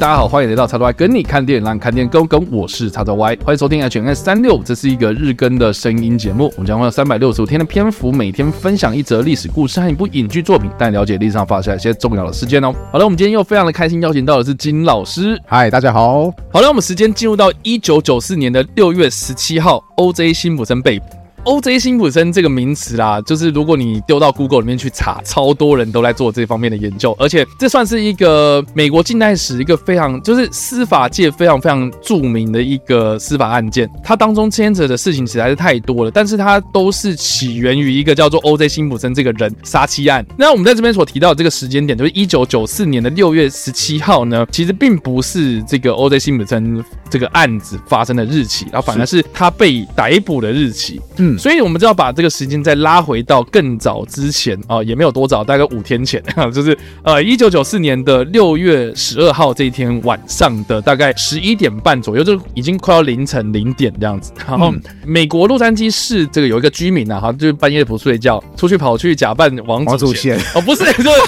大家好，歡迎來到茶掉愛跟你看電影，讓看電影更更。跟我,跟我是茶掉愛，歡迎收聽 H&M 三六，這是一個日更的聲音節目。我們將會有三百六十五天的篇幅，每天分享一則歷史故事和一部影劇作品，帶你了解歷史上發生的一些重要的事件哦。好了，我們今天又非常的開心，邀請到的是金老師。嗨，大家好。好了，我們時間進入到一九九四年的六月十七號，O J 辛普森被捕。O.J. 辛普森這個名詞啦、啊，就是如果你丟到 Google 裡面去查，超多人都在做這方面的研究。而且這算是一個美國近代史一個非常就是司法界非常非常著名的一個司法案件，它當中牽扯的事情實在是太多了。但是它都是起源於一個叫做 O.J. 辛普森這個人殺妻案。那我們在這邊所提到的這個時間點，就是一九九四年的六月十七號呢，其實並不是這個 O.J. 辛普森這個案子發生的日期，然後反而是他被逮捕的日期。是嗯所以，我們就要把這個時間再拉回到更早之前啊、哦，也沒有多早，大概五天前，啊、就是呃，一九九四年的六月十二號這一天晚上的大概十一點半左右，就已經快要凌晨零點這樣子。然後，嗯、美國洛杉磯市這個有一個居民啊，哈，就半夜不睡覺，出去跑去假扮王祖賢，祖賢，哦，不是，就是，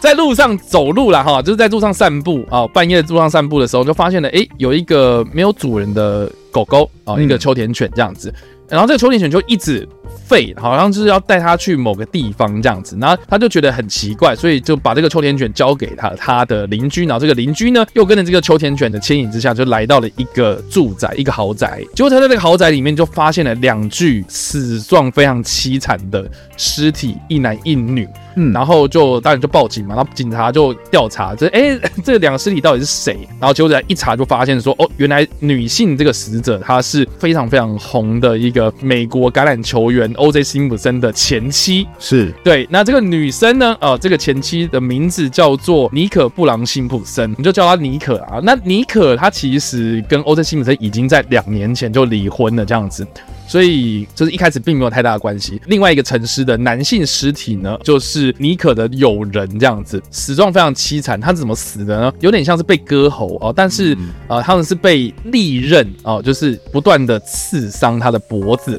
在路上走路了哈， 就是在路上散步啊、哦，半夜路上散步的時候就發現了，哎、欸，有一個沒有主人的狗狗啊、哦，一個秋田犬這樣子。然後這個秋田犬就一直吠，好像就是要帶他去某個地方這樣子。然後他就覺得很奇怪，所以就把這個秋田犬交給他他的鄰居。然後這個鄰居呢，又跟着這個秋田犬的牽引之下，就來到了一個住宅，一個豪宅。結果他在這個豪宅裡面就發現了兩具死狀非常淒慘的屍體，一男一女。嗯，然後就當然就報警嘛，然後警察就調查，這哎這兩個屍體到底是誰？然後結果來一查就發現說，哦，原來女性這個死者她是非常非常紅的一個美國橄欖球員 O.J. 辛普森的前妻，是對。那這個女生呢，呃，這個前妻的名字叫做妮可布朗辛普森，你就叫她妮可啊。那妮可她其實跟 O.J. 辛普森已經在兩年前就離婚了這樣子，所以就是一開始並沒有太大的關係。另外一個城市的男性屍體呢，就是。是妮可的友人這樣子，死狀非常悽慘。他是怎麼死的呢？有點像是被割喉哦，但是呃，他們是被利刃哦，就是不斷的刺傷他的脖子，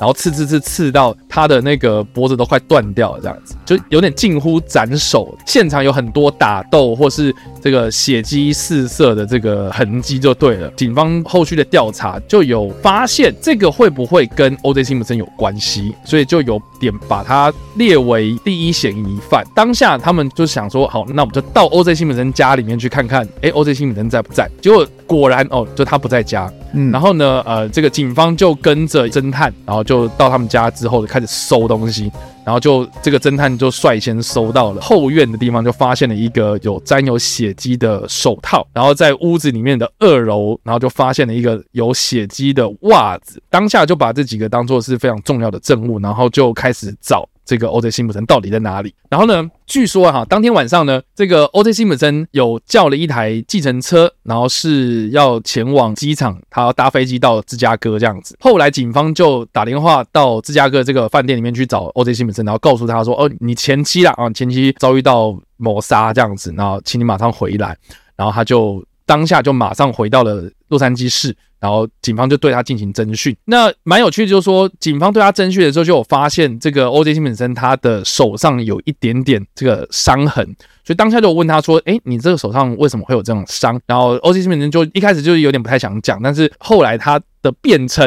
然後刺刺刺，刺到他的那個脖子都快斷掉了，這樣子就有點近乎斬首。現場有很多打鬥或是。這個血跡、四射的這個痕跡就對了。警方後續的調查就有發現，這個會不會跟 O.J. 辛普森有關係？所以就有點把他列為第一嫌疑犯。當下他們就想說：“好，那我們就到 O.J. 辛普森家裡面去看看。欸”哎，O.J. 辛普森在不在？結果果然哦，就他不在家。嗯，然後呢，呃，這個警方就跟着偵探，然後就到他們家之後就開始搜東西。然後就這個偵探就率先搜到了後院的地方，就發現了一個有沾有血跡的手套，然後在屋子裡面的二樓，然後就發現了一個有血跡的襪子，當下就把這幾個當做是非常重要的證物，然後就開始找。這個 O.J. Simpson 到底在哪裡？然後呢，據說哈，當天晚上呢，這個 O.J. Simpson 有叫了一台計程車，然後是要前往機場，他要搭飛機到芝加哥這樣子。後來警方就打電話到芝加哥這個飯店裡面去找 O.J. Simpson，然後告訴他說：“哦，你前妻了啊，前妻遭遇到謀殺這樣子，然後請你馬上回來。”然後他就。當下就馬上回到了洛杉磯市，然後警方就對他進行偵訊。那蠻有趣的，就是說警方對他偵訊的時候，就有發現這個 O.J. 辛普森他的手上有一點點這個傷痕，所以當下就問他說：“哎，你這個手上為什麼會有這種傷？”然後 O.J. 辛普森就一開始就是有點不太想講，但是後來他的辯稱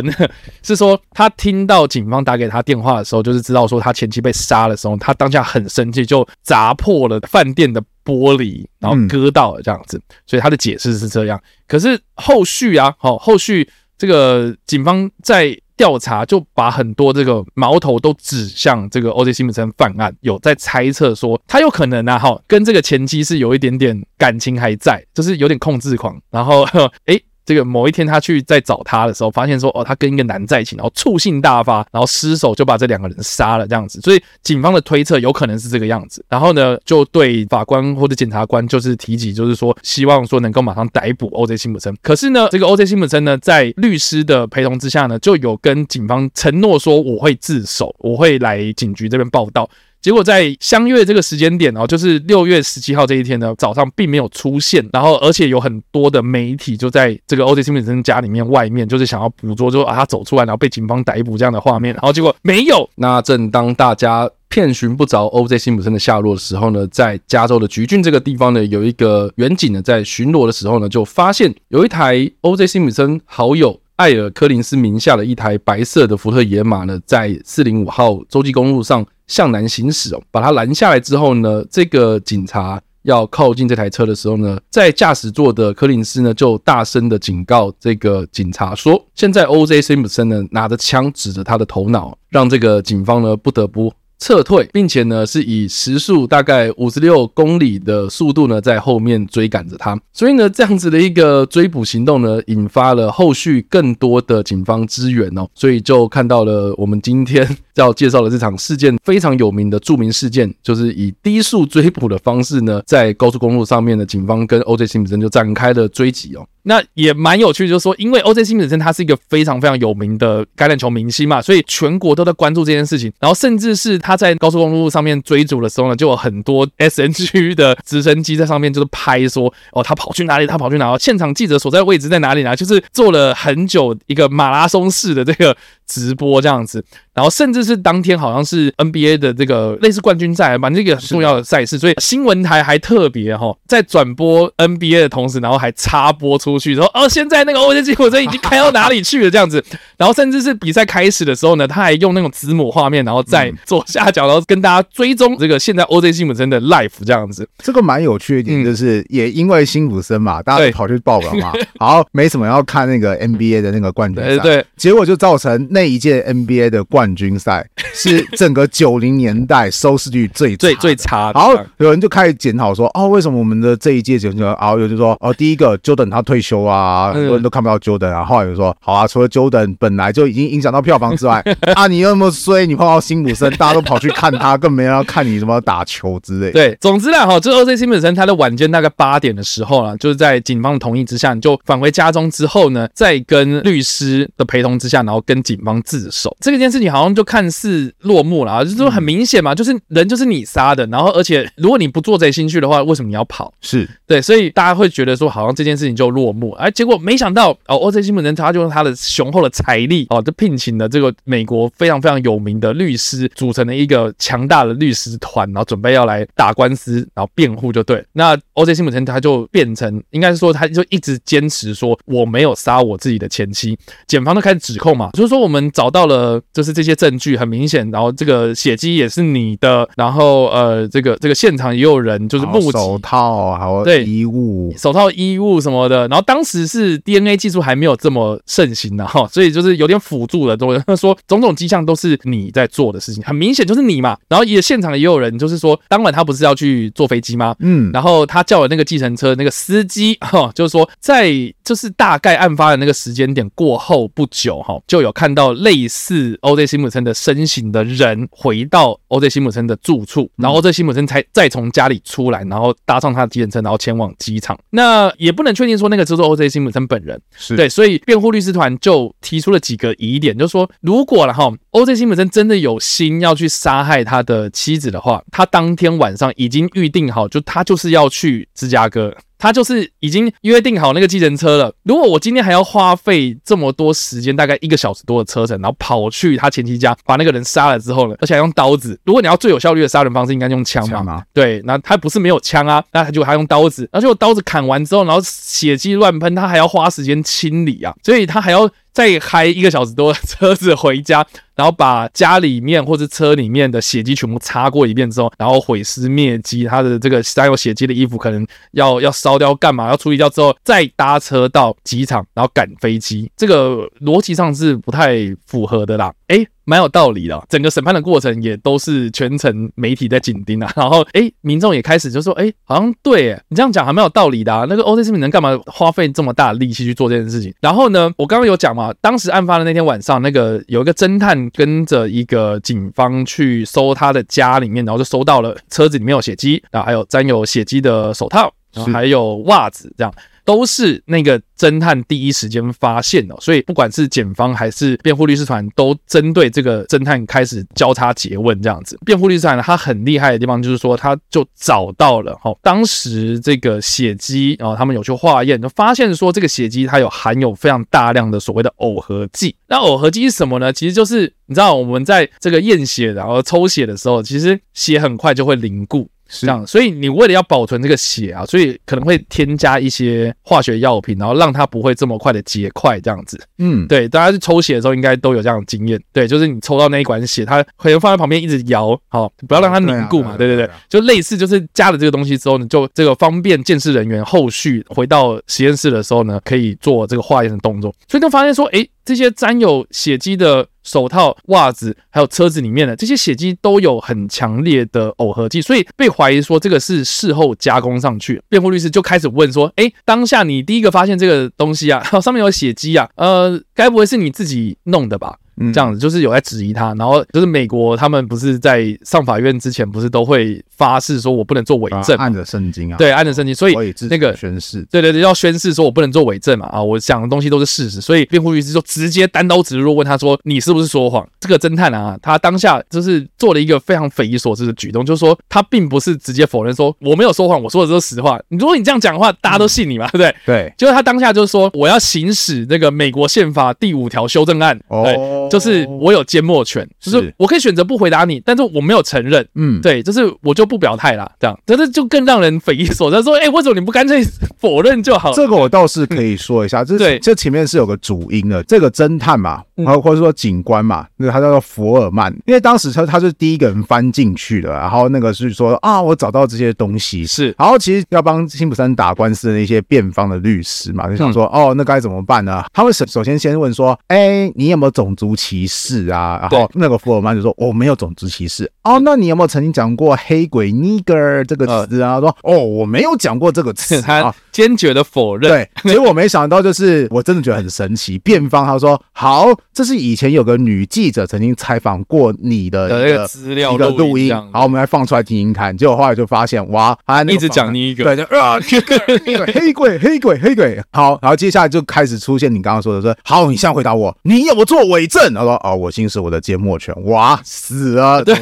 是說，他聽到警方打給他電話的時候，就是知道說他前妻被殺的時候，他當下很生氣，就砸破了飯店的。玻璃，然後割到了這樣子，嗯、所以他的解釋是這樣。可是後續啊，好，後續這個警方在調查，就把很多這個矛頭都指向這個 O.J. Simpson 犯案，有在猜測說他有可能啊，哈，跟這個前妻是有一點點感情還在，就是有點控制狂，然後誒、 欸。這個某一天他去再找他的時候，發現說哦，他跟一個男在一起，然後醋性大發，然後失手就把這兩個人殺了這樣子。所以警方的推測有可能是這個樣子。然後呢，就對法官或者檢察官就是提及，就是說希望說能夠馬上逮捕 O.J. 辛普森。可是呢，這個 O.J. 辛普森呢，在律師的陪同之下呢，就有跟警方承諾說我會自首，我會來警局這邊報到。結果在相約這個時間點哦，就是六月十七號這一天呢，早上並沒有出現。然後，而且有很多的媒體就在這個 O.J. Simpson 家裡面外面，就是想要捕捉，就啊他走出來，然後被警方逮捕這樣的畫面。然後結果沒有。那正當大家遍尋不着 O.J. Simpson 的下落的時候呢，在加州的橘郡這個地方呢，有一個員警呢在巡邏的時候呢，就發現有一台 O.J. Simpson 好友。艾爾·科林斯名下的一台白色的福特野馬呢，在四零五號州際公路上向南行駛哦。把他攔下來之後呢，這個警察要靠近這台車的時候呢，在駕駛座的科林斯呢就大聲的警告這個警察說：“現在 O.J. Simpson 呢拿着槍指着他的頭腦，讓這個警方呢不得不。”撤退，並且呢是以時速大概五十六公里的速度呢在後面追趕着他，所以呢這樣子的一個追捕行動呢引發了後續更多的警方支援哦、喔，所以就看到了我們今天要介紹的這場事件非常有名的著名事件，就是以低速追捕的方式呢在高速公路上面的警方跟 O.J. 辛普森就展開了追擊哦、喔。那也蠻有趣，就是說，因為 O.J. 辛普森本身他是一個非常非常有名的橄欖球明星嘛，所以全國都在關注這件事情。然後，甚至是他在高速公路上面追逐的時候呢，就有很多 S.N.G 的直升機在上面就是拍說，哦，他跑去哪裡？他跑去哪？現場記者所在位置在哪裡？呢？就是做了很久一個馬拉松式的這個直播這樣子。然後甚至是當天好像是 NBA 的這個類似冠軍賽吧，啊，那個很重要的賽事，是的 所以新聞台還特別哈，哦，在轉播 NBA 的同時，然後還插播出去說：“哦，現在那個 OJ 辛普森已經開到哪裡去了？” 這樣子。然後甚至是比賽開始的時候呢，他還用那種子母畫面，然後在左下角，然後跟大家追蹤這個現在 OJ 辛普森的 life 這樣子。這個蠻有趣的，嗯，就是也因為辛普森嘛，大家跑去報告嘛，然後沒什麼要看那個 NBA 的那個冠軍賽，對，對，結果就造成那一屆 NBA 的冠。冠軍賽是整個九零年代收視率最最最差的。然後有人就開始檢討說：“哦，為什麼我們的這一屆九零年然後有人就說：“哦，第一個 Jordan 他退休啊，很多人都看不到 Jordan 啊。後來有人說：“好啊，除了 Jordan 本來就已經影響到票房之外，啊，你那麼衰，你碰到辛普森，大家都跑去看他，更沒人要看你什麼打球之類。”對，總之呢，哈，這 O.J. 辛普森他在晚間大概八點的時候呢，就是在警方的同意之下，你就返回家中之後呢，再跟律師的陪同之下，然後跟警方自首這個件事情。好像就看似落幕了啊，就是說很明顯嘛，就是人就是你殺的，然後而且如果你不做賊心虛的話，為什麼你要跑是？是對，所以大家會覺得說好像這件事情就落幕，哎，結果沒想到哦，O.J. 辛普森他就用他的雄厚的財力哦、啊，就聘請了這個美國非常非常有名的律師，組成了一個強大的律師團，然後準備要來打官司，然後辯護就對。那 O.J. 辛普森他就變成，應該是說他就一直堅持說我沒有殺我自己的前妻，檢方都開始指控嘛，就是說我們找到了就是這個。這些證據很明顯，然後這個血跡也是你的，然後呃，這個這個現場也有人就是目手套，還有對衣物，手套、衣物什麼的。然後當時是 DNA 技術還沒有這麼盛行的哈，所以就是有點輔助的都有。他說種種跡象都是你在做的事情，很明顯就是你嘛。然後也現場也有人就是說，當晚他不是要去坐飛機嗎？嗯，然後他叫了那個計程車那個司機哈，就是說在就是大概案發的那個時間點過後不久哈，就有看到類似 O.J. 辛普森的身形的人回到 O.J. 辛普森的住處，然後這辛普森才再從家裡出來，然後搭上他的計程車，然後前往機場。那也不能確定說那個就是 O.J. 辛普森本人。是。對，所以辯護律師團就提出了幾個疑點，就是說如果了哈，O.J. 辛普森真的有心要去殺害他的妻子的話，他當天晚上已經預定好，就他就是要去芝加哥。他就是已經約定好那個計程車了。如果我今天還要花費這麼多時間，大概一個小時多的車程，然後跑去他前妻家把那個人殺了之後呢，而且還用刀子。如果你要最有效率的殺人方式，應該用槍嘛？啊、對，那他不是沒有槍啊，那他就還用刀子，而且我刀子砍完之後，然後血跡亂噴，他還要花時間清理啊，所以他還要。再開一個小時多的車子回家，然後把家裡面或者車裡面的血跡全部擦過一遍之後，然後毀屍滅跡，他的這個沾有血跡的衣服可能要要燒掉，幹嘛要處理掉之後，再搭車到機場，然後趕飛機，這個邏輯上是不太符合的啦。哎。蠻有道理的，啊，整個審判的過程也都是全程媒體在緊盯啊，然後哎、欸，民眾也開始就說，哎、欸，好像對、欸、你這樣講還蠻有道理的，啊。那個 O.J. 辛普森能幹嘛，花費這麼大的力氣去做這件事情？然後呢，我剛剛有講嘛，當時案發的那天晚上，那個有一個偵探跟着一個警方去搜他的家裡面，然後就搜到了車子裡面有血跡，然後還有沾有血跡的手套，然後還有襪子這樣。都是那個偵探第一時間發現的，所以不管是檢方還是辯護律師團，都針對這個偵探開始交叉詰問這樣子。辯護律師團呢，他很厲害的地方就是說，他就找到了，好，當時這個血跡啊，他們有去化驗，就發現說這個血跡它有含有非常大量的所謂的螯合劑。那螯合劑是什麼呢？其實就是你知道我們在這個驗血然後抽血的時候，其實血很快就會凝固。是這樣，所以你為了要保存這個血啊，所以可能會添加一些化學藥品，然後讓它不會這麼快的結塊這樣子。嗯，對，大家去抽血的時候應該都有這樣的經驗，對，就是你抽到那一管血，它可能放在旁邊一直搖，好、哦，不要讓它凝固嘛，啊對，啊對，啊、對對對，就類似就是加了這個東西之後呢，你就這個方便鑑識人員後續回到實驗室的時候呢，可以做這個化驗的動作，所以就發現說，誒。這些沾有血跡的手套、襪子，還有車子裡面的這些血跡都有很強烈的螯合劑，所以被懷疑說這個是事後加工上去。辯護律師就開始問說：“哎、欸，當下你第一個發現這個東西啊，上面有血跡啊，呃，該不會是你自己弄的吧？”嗯、這樣子就是有在質疑他。然後就是美國他們不是在上法院之前，不是都會。發誓說我不能做偽證、啊，按着聖經啊，對，按着聖經，所以那個、哦、以宣誓，對對對，要宣誓說我不能做偽證嘛，啊，我講的東西都是事實，所以辯護律師就直接單刀直入問他說，你是不是說謊？這個偵探啊，他當下就是做了一個非常匪夷所思的舉動，就是說他並不是直接否認說我沒有說謊，我說的是實話。你如果你這樣講的話，大家都信你嘛，對不、嗯、對？對，就是他當下就是說我要行使那個美國憲法第五條修正案，哦，就是我有緘默權，是就是我可以選擇不回答你，但是我沒有承認，嗯，對，就是我就。不表態啦，這樣這的就更讓人匪夷所思。就是、說，哎、欸，為什麼你不乾脆否認就好？這個我倒是可以說一下，嗯、這對這前面是有個主因的。這個偵探嘛，嗯、或者說警官嘛，那個他叫做福爾曼，因為當時他他是第一個人翻進去的。然後那個是說啊，我找到這些東西是。然後其實要幫辛普森打官司的那些辯方的律師嘛，就想說、嗯、哦，那該怎麼辦呢？他們首首先先問說，哎、欸，你有沒有種族歧視啊？然後那個福爾曼就說我、哦、沒有種族歧視。對哦，那你有沒有曾經講過黑鬼？對，尼格爾這個詞啊，呃、說哦，我沒有講過這個詞啊。 堅決的否認。對，所以我沒想到，就是我真的覺得很神奇。辯 方他說：“好，這是以前有個女記者曾經採訪過你的個那個資料、的錄音。音”好，我們來放出來聽聽看。結果後來就發現，哇，他一直講你一個，對，啊一 黑，黑鬼、黑鬼、黑鬼。好，然後接下來就開始出現你剛剛說的說：“好，你現在回答我，你有沒有做偽證？”他說：“哦、啊，我行使我的緘默權。”哇，死了。對，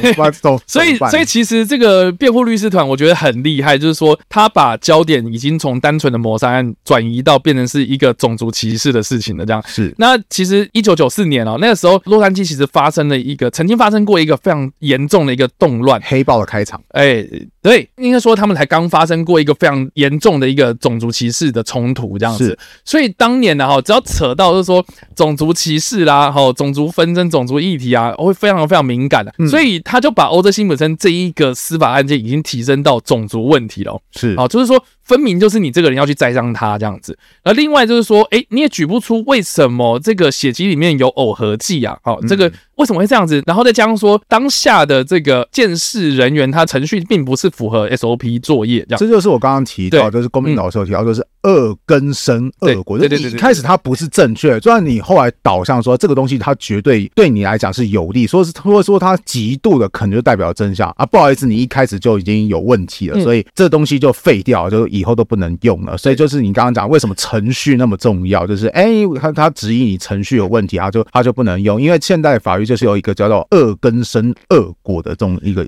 所以所以其實這個辯護律師團我覺得很厲害，就是說他把焦點已經從單。純的謀殺案轉移到變成是一個種族歧視的事情了，這樣是。那其實一九九四年哦、喔，那個時候洛杉磯其實發生了一個曾經發生過一個非常嚴重的一個動亂，黑豹的開場。哎、欸，對，應該說他們才剛發生過一個非常嚴重的一個種族歧視的衝突，這樣子是。所以當年呢，哈，只要扯到就是說種族歧視啦，哈，種族紛爭、種族議題啊，會非常非常敏感的、啊。嗯、所以他就把 O.J. 辛普森這一個司法案件已經提升到種族問題了、喔，是啊，就是說分明就是你這個。要去栽贓他這樣子，而另外就是說，哎、欸，你也舉不出為什麼這個血跡裡面有螯合劑啊？好、哦，嗯、這個。為什麼會這樣子？然後再加上說，當下的這個鑑識人員，他程序並不是符合 SOP 作業這樣子。這就是我剛剛提到，對就是公民老師提到，就是惡根生惡果。對對，對對對。開始他不是正確，就算你後來導向說這個東西，他絕對對你來講是有利，說是或者說他極度的可能就代表真相啊。不好意思，你一開始就已經有問題了，嗯、所以這東西就廢掉了，就以後都不能用了。對所以就是你剛剛講，為什麼程序那麼重要？就是哎，他他質疑你程序有問題，他就他就不能用，因為現代法律。就是有一個叫做“惡根生惡果”的這種一個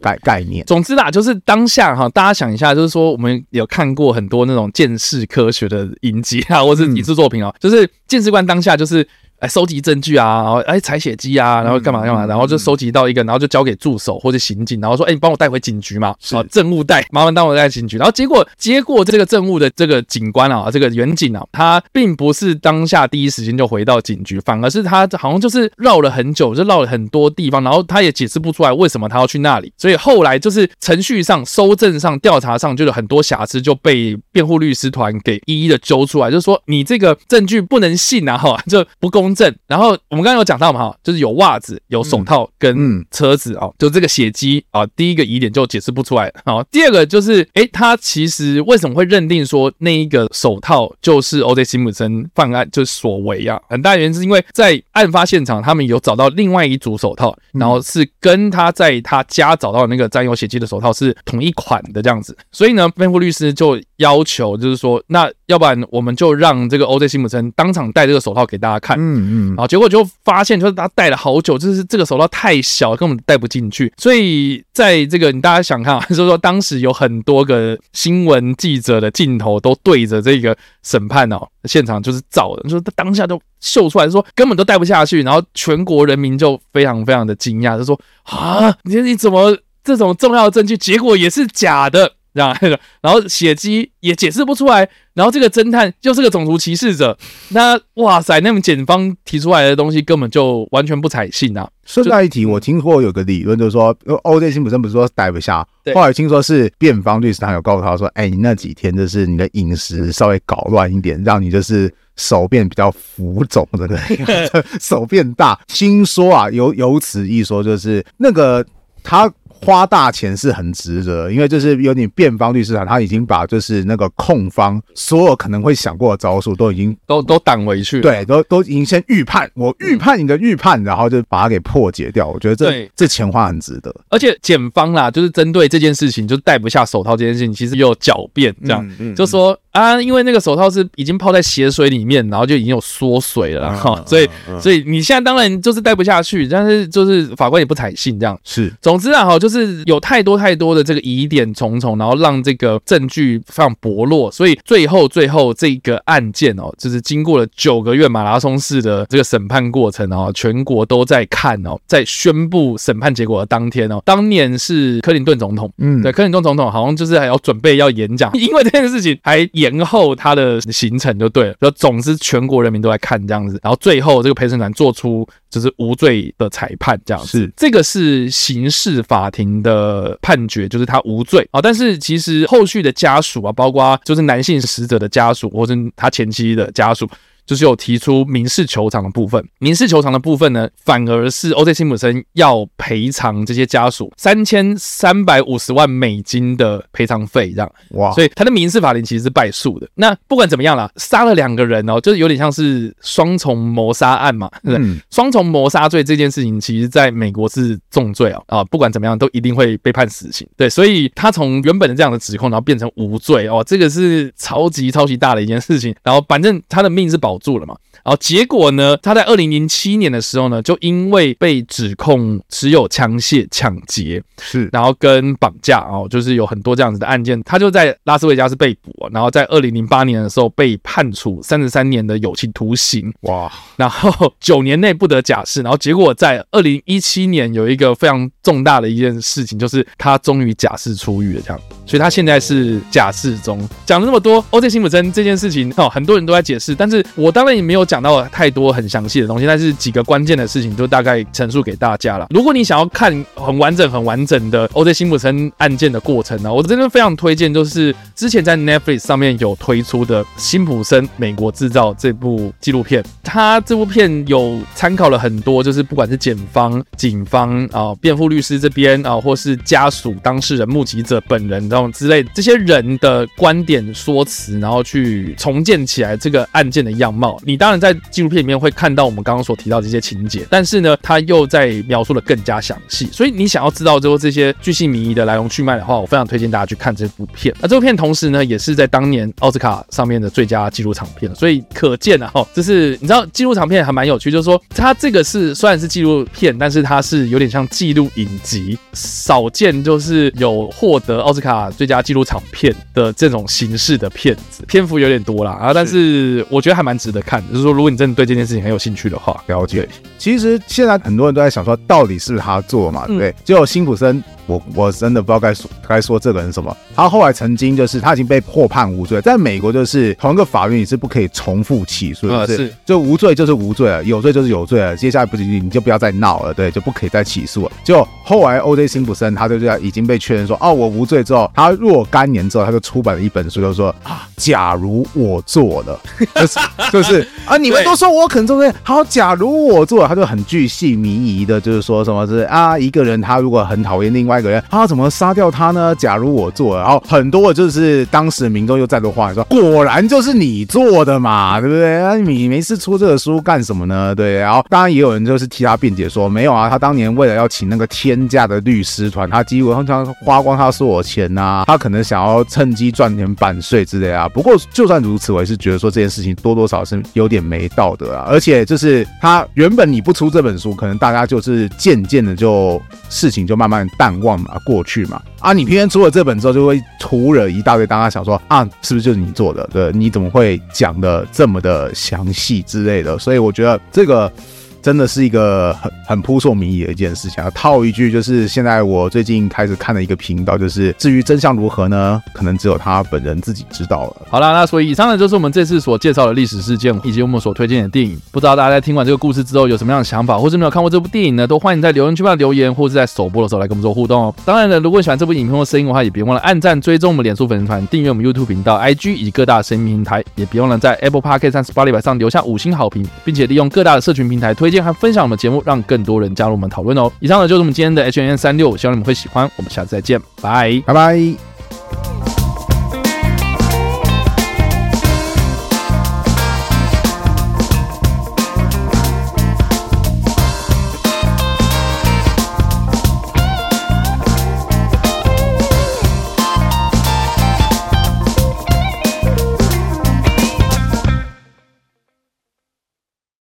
概概念。對 總之啦、啊，就是當下哈，大家想一下，就是說我們有看過很多那種鑑識科學的影集啊，或者是影視作品啊、喔，就是鑑識官當下就是。哎，收集證據啊，然後哎，採血機啊，然後幹嘛幹嘛，然後就收集到一個，然後就交給助手或者刑警，然後說，哎、欸，你幫我帶回警局嘛？好是，證物袋，麻煩幫我帶警局。然後結果接過這個證物的這個警官啊，這個員警啊，他並不是當下第一時間就回到警局，反而是他好像就是繞了很久，就繞了很多地方，然後他也解釋不出來為什麼他要去那裡。所以後來就是程序上、搜證上、調查上，就有很多瑕疵就被辯護律師團給一一的揪出來，就是說你這個證據不能信啊，哈，就不夠。公正。然後我們剛才有講到嘛，哈，就是有襪子、有手套跟車子、嗯、哦，就這個血跡啊、哦，第一個疑點就解釋不出來。然、哦、後第二個就是，誒，他其實為什麼會認定說那一個手套就是 O.J. 辛普森犯案就是所為啊？很大原因是因為在案發現場，他們有找到另外一組手套，嗯、然後是跟他在他家找到的那個沾有血跡的手套是同一款的這樣子。所以呢，辯護律師就要求，就是說那。要不然我們就讓這個 O.J. 辛普森當場戴這個手套給大家看，嗯嗯，然後結果就發現就是他戴了好久，就是這個手套太小，根本戴不進去。所以在這個你大家想看，就是說當時有很多個新聞記者的鏡頭都對着這個審判哦，現場，就是照的，就是他當下都秀出來，就是、說根本都戴不下去。然後全國人民就非常非常的驚訝，就是、說啊，你你怎麼這種重要的證據結果也是假的？這樣，然後血跡也解釋不出來，然後這個偵探就是個種族歧視者，那哇塞，那麼檢方提出來的東西根本就完全不採信啊。順帶一提，我聽過有個理論，就是說 O.J. 辛普森不是說戴不下，對後來聽說是辯方律師他有告訴他說：“哎，你那幾天就是你的飲食稍微搞亂一點，讓你就是手變比較浮腫的，這個手變大。”聽說啊，有有此一說，就是那個他。花大錢是很值得，因為就是有點辯方律師啊，他已經把就是那個控方所有可能會想過的招數都已經都都擋回去，對，都都已經先預判，我預判你的預判，然後就把它給破解掉。我覺得這對這錢花很值得。而且檢方啦，就是針對這件事情，就戴不下手套這件事情，其實又有狡辯這樣，嗯嗯、就說。啊，因為那個手套是已經泡在血水裡面，然後就已經有縮水了哈，所以所以你現在當然就是戴不下去，但是就是法官也不採信這樣。是，總之啊哈，就是有太多太多的這個疑點重重，然後讓這個證據非常薄弱，所以最後最後這個案件哦，就是經過了九個月馬拉松式的這個審判過程哦，全國都在看哦，在宣布審判結果的當天哦，當年是柯林頓總統，嗯，對，柯林頓總統好像就是還要準備要演講，因為這件事情還演。延後他的行程就對了，就總之全國人民都在看這樣子，然後最後這個陪審團做出就是無罪的裁判，這樣子。這個是刑事法庭的判決，就是他無罪啊、哦。但是其實後續的家屬啊，包括就是男性死者的家屬，或是他前妻的家屬。就是有提出民事求償的部分，民事求償的部分呢，反而是 O.J. 辛普森要賠償這些家屬三千三百五十萬美金的賠償費，這樣哇，所以他的民事法庭其實是敗訴的。那不管怎麼樣啦，殺了兩個人哦，就是有點像是雙重謀殺案嘛，嗯，雙重謀殺罪這件事情，其實在美國是重罪哦，啊、啊，不管怎麼樣都一定會被判死刑。對，所以他從原本的這樣的指控，然後變成無罪哦，這個是超級超級大的一件事情。然後反正他的命是保。住了嘛，然後結果呢，他在二零零七年的時候呢，就因為被指控持有槍械、搶劫，是然後跟綁架哦，就是有很多這樣子的案件。他就在拉斯維加斯被捕，然後在二零零八年的時候被判處三十三年的有期徒刑。哇！然後九年內不得假釋。然後結果在二零一七年有一個非常重大的一件事情，就是他終於假釋出獄了。這樣，所以他現在是假釋中。講了那麼多，歐、哦、O.J. 辛普森這件事情哦，很多人都在解釋，但是。我當然也沒有講到太多很詳細的東西，但是幾個關鍵的事情就大概陳述給大家了。如果你想要看很完整、很完整的 O.J. 辛普森案件的過程呢、啊，我真的非常推薦，就是之前在 Netflix 上面有推出的《辛普森：美國製造》這部紀錄片。它這部片有參考了很多，就是不管是檢方、警方啊、辯、呃、辯護律師這邊啊、呃，或是家屬、當事人、目擊者本人，這種之類的這些人的觀點、說辭，然後去重建起來這個案件的樣子貌，你當然在紀錄片裡面會看到我們剛剛所提到的這些情節，但是呢，他又在描述的更加詳細，所以你想要知道之後這些鉅細靡遺的來龍去脈的話，我非常推薦大家去看這部片。那、啊、這部片同時呢，也是在當年奧斯卡上面的最佳紀錄長片，所以可見啊，哦、這是你知道紀錄長片還蠻有趣，就是說它這個是雖然是紀錄片，但是它是有點像紀錄影集，少見就是有獲得奧斯卡最佳紀錄長片的這種形式的片子，篇幅有點多了啊，是但是我覺得還蠻。值得看，就是說，如果你真的對這件事情很有興趣的話，了解。其實現在很多人都在想說，到底是他做嘛？嗯、對，就辛普森，我我真的不知道該說該說這個人什麼。他後來曾經就是，他已經被破判無罪，在美國就是同一個法院你是不可以重複起訴的，嗯、是，是就無罪就是無罪了，有罪就是有罪了。接下來不僅僅你就不要再鬧了，對，就不可以再起訴了。就後來 O.J. 辛普森他就這樣已經被確認說哦我無罪之後，他若干年之後他就出版了一本書，就說啊假如我做了。就是 就是啊，啊對你們都說我可能做這，好，假如我做了，他就很巨細靡遺的，就是說什麼是，是啊，一個人他如果很討厭另外一個人，他、啊、怎麼殺掉他呢？假如我做了，然後很多的就是當時民眾又再度話說，果然就是你做的嘛，對不對？你沒事出這個書幹什麼呢？對，然後當然也有人就是替他辯解說，沒有啊，他當年為了要請那個天價的律師團，他幾乎通常花光他所有錢啊，他可能想要趁機賺點版稅之類啊。不過就算如此，我也是覺得說這件事情多多少。是有點沒道德啊，而且就是他原本你不出這本書，可能大家就是漸漸的就事情就慢慢淡忘嘛，過去嘛啊，你偏偏出了這本之後，就會徒惹一大堆大家想說啊，是不是就是你做的？對，你怎麼會講的這麼的詳細之類的？所以我覺得這個。真的是一個很很撲朔迷離的一件事情啊！套一句就是，現在我最近開始看的一個頻道，就是至於真相如何呢？可能只有他本人自己知道了。好啦，那所以以上呢，就是我們這次所介紹的歷史事件以及我們所推薦的電影。不知道大家在聽完這個故事之後有什麼樣的想法，或是沒有看過這部電影呢？都歡迎在留言區不留言，或是在首播的時候來跟我們做互動哦、喔。當然了，如果你喜歡這部影片或聲音的話，也別忘了按讚、追蹤我們臉書粉絲團、訂閱我們 YouTube 頻道、IG 以及各大的聲音平台，也別忘了在 Apple Podcast 和 Spotify 上留下五星好評，並且利用各大的社群平台推薦。還分享我們節目，讓更多人加入我們討論哦！以上呢，就是我們今天的 H&M 三六，36，希望你們會喜歡。我們下次再見，拜拜拜。Bye bye